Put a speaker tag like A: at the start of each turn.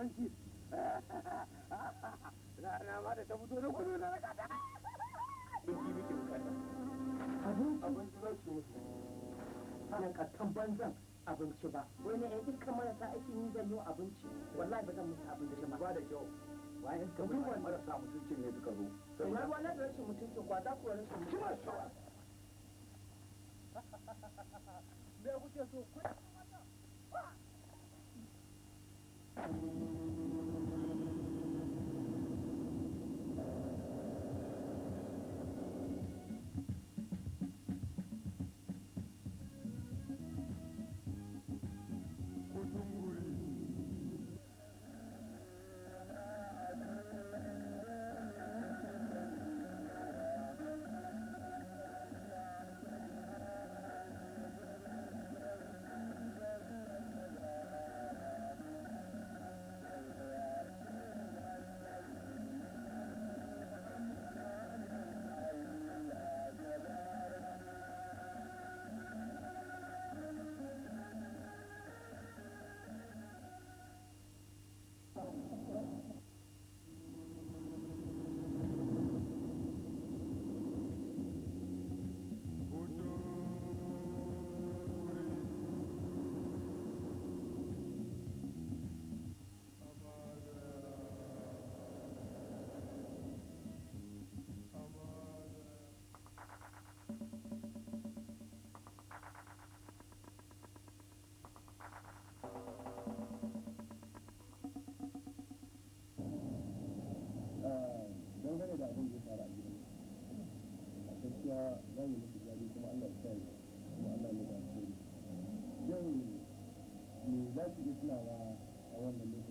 A: iskanci rana ma da ta da kudu na bukata abin abinci ba banzan abinci ba wani yan ta aikin yi zan abinci wallahi ba zan musu abinci ba da kyau bayan ta marasa mutuncin ne duka zo ina ruwa da rashin mutuncin kwa za ku rashin mutuncin kima shawa kuke so Thank you. gaskiya za mu musu jari kuma Allah ya sa kuma Allah ya ba su yau me za su iya tunawa a wannan